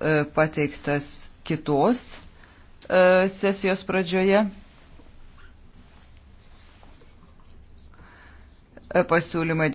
E, pateiktas kitos e, sesijos pradžioje. E, pasiūlymai